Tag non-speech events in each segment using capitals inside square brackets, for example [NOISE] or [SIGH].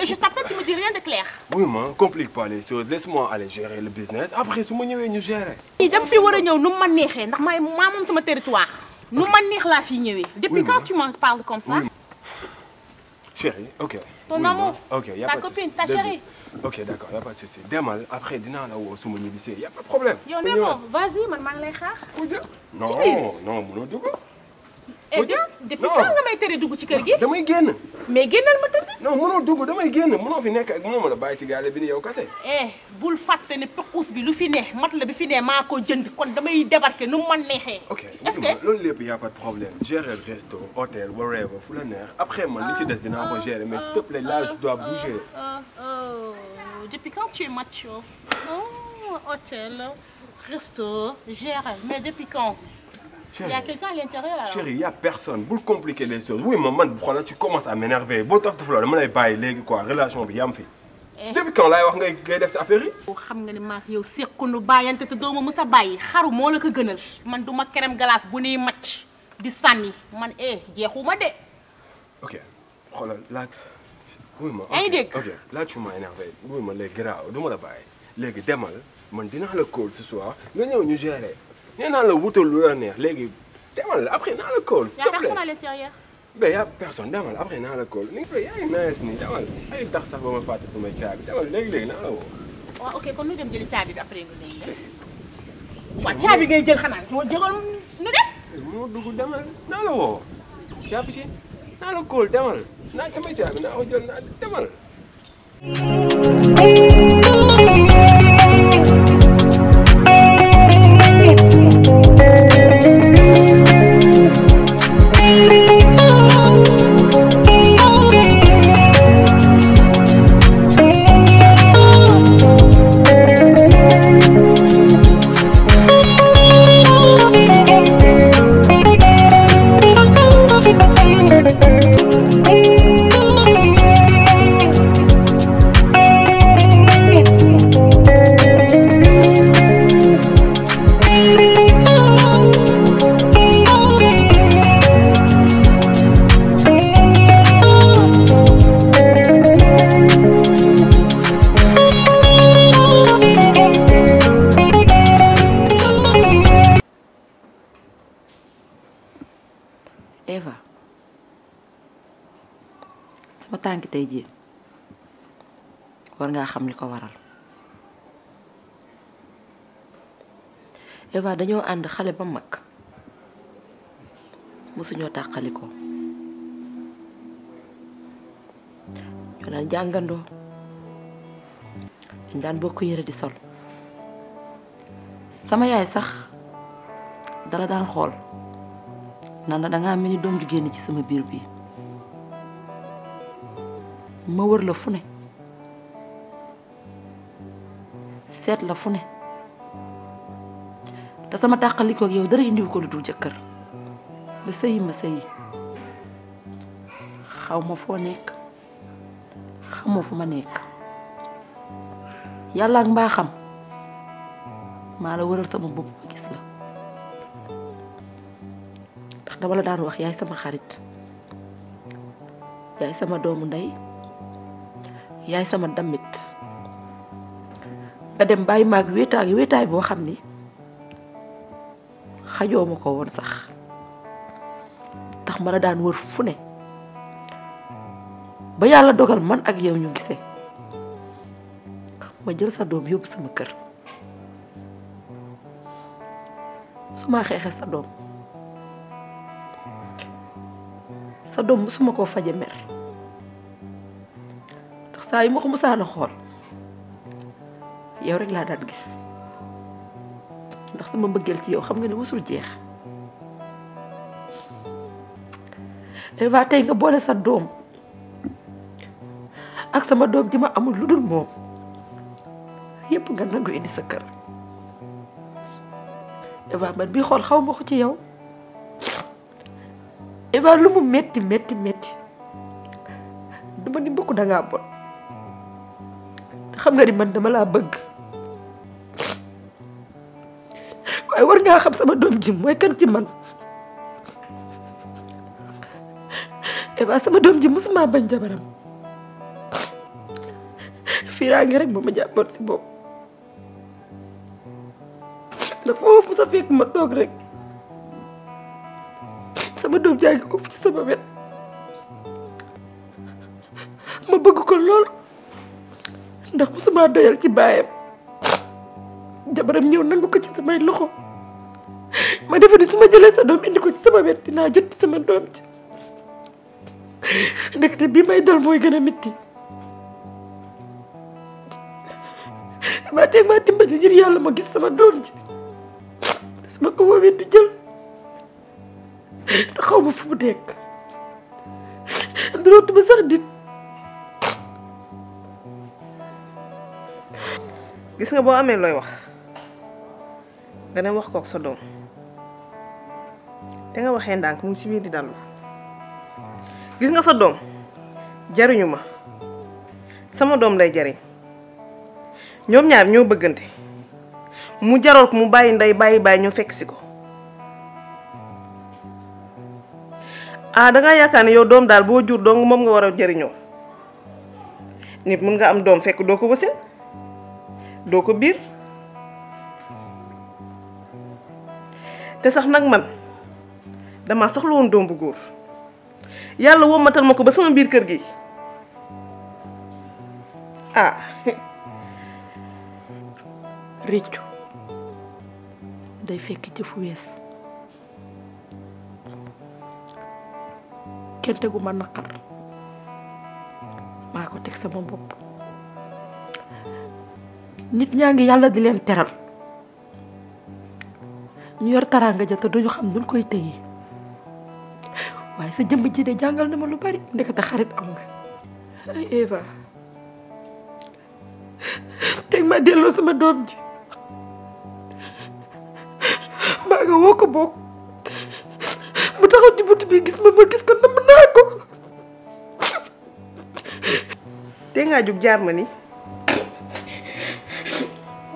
Et je t'appelle, tu me dis rien de clair. Oui, maman, complique pas les choses. Laisse-moi aller gérer le business. Après, si je on nous gérer. Je fait venu nous manier. parce que je suis mon territoire. Nous manier la fille. Depuis quand tu m'en parles comme ça Chérie, ok. Ton amour, ta copine, ta chérie. Ok, d'accord, y a pas de souci. Demain, après, dina la wo suma il y a pas de problème. Yo, Nemo, vas-y, man mang lay xaar. Non, non, mëno dugg eh depuis quand nga may tere dugg ci kër gi. damay génn. mais génnal ma tëdd. non mënoo dugg damay génn mënoo fi nekk ak moom la bàyyi ci gaale bi ni yow kase. eh bul fàtte ne pekuus bi lu fi ne mat la bi fi ne maa ko jënd kon damay débarquer nu mu man neexee. est-ce que ok loolu lépp y a pas de problème gérer resto hôtel wherever, fu après man li ci des dinaa ko gérer mais s'il te plaît là je dois bouger. Oh, oh, oh. depuis quand tu es macho. oh hôtel resto gérer mais depuis quand. Il y a quelqu'un à l'intérieur Chérie, il n'y a personne. Vous compliquez les choses. Oui, maman, tu commences à m'énerver. Bon, tu as fait quoi, relation, bien, eh. as quand tu wax ngay def si Tu xam nga ni te a xaru la ko gënal. suis du à crème glace tu suis di man eh, ok là. oui ma ok là tu m'as énervé Oui, ma Je du à la bàyyi Je suis man vais la ce soir nga nee naa la wutal Il la neex personne demal l'intérieur. après naa a personne à l'intérieur. Ben, y a personne à l'intérieur. il y a personne à après Il le a ni à l'intérieur. Il ngi nice personne à l'intérieur. tax sax a ma à l'intérieur. Il demal a personne à la Il waaw ok kon à dem Il caabi bi après à l'intérieur. il y a personne jël l'intérieur. Il a dem. à l'intérieur. demal la personne à ci Il la a personne à l'intérieur. Il a personne à l'intérieur. tanki tay ji war nga xam liko waral Eva dañu and xalé ba mag mosuñoo takaliko ñu dal jangando ñu dal bokku yere di sol sama yaay sax dara daan xol nan la dangaa mel dom doom ju genn ci sama bir bi ma wër la fu ne seet la fu ne te sama tàqalikoog yow dara indiwu ko lu dul jëkkër ba sëyi ma sëyi xaw ma foo nekk xamoo fu ma nekk yàlla ak mbaa xam maa la wëral sama bopp ba gis la ndax dama la daan wax yaay sama xarit yaay sama doomu ndey yaay sama damit nga dem bàyyi maag wéetaay wéetaay boo xam ni xajoo ko woon sax tax ma la daan wër fu ne ba yàlla dogal man ak yow ñu gisee ma jël sa doom yóbbu sama kër su ma xeexee sa doom sa doom su ma ko faje mer saa yu ma ko xol yow rek la daan gis ndax sama mbeugel ci yow xam nga ne musul jeex Eva tay nga boole sa sadom ak sama dom ji ma amul lu mom moom yépp nga nangu indi sa kër Eva man bi xol xaw ko ci yow Eva lu mu metti metti metti dama ni mbokk xam nga ni man dama laa bëgg waaye war ngaa xam sama doom jim mooy kan ci man Eva sama doom jim mosuma bañ jabaram firaa ngi rek ba ma jàppoon si bopp da foofu sa fekk ma toog rek sama doom jaa ngi ko fi sama wet ma bëgg ko lool ndax ku sama ada yang ci Jabaran jabaram ñëw nangu ko ci samay loxo ma defe ni jelas ma jëlee sa doom sama wet dinaa jot ci sama doom ci ndekete bi may dal mooy gën a métti maa teeg maa ma gis sama doom ji su ma ko kau du jël te xaw besar fu gis nga bo amé loy wax nga ne wax ak sa doom té nga waxé ndank mu ci si di gis nga sa doom jariñu sama doom lay jari. ñom ñaar ñoo bëggante mu jarol ko mu bayyi nday bayyi bàyyi ñu fekk ko a ah, da nga yakane yow doom dal bo jur dong mom nga wara nit mën nga am doom fekk doo ko doo ko biir te sax nag man dama soxla woon doom bu góor yàlla wommatal ma ko ba sama biir kër gi ah [LAUGHS] réccu day fekk jëfu wees kenn tegu ma naqar maa ko teg sama bopp nit ñangi yalla di len teral ñu yor taraanga jota duñu xam duñ koy teyi way sa jëm ji de jangal na ma lu bari ta xarit am nga ay Eva tek ma delo sama doom ji ba nga woko bok bu taxaw ci butu bi gis ma ma gis ko nam na ko. te nga jaar ma ni.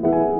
Thank you.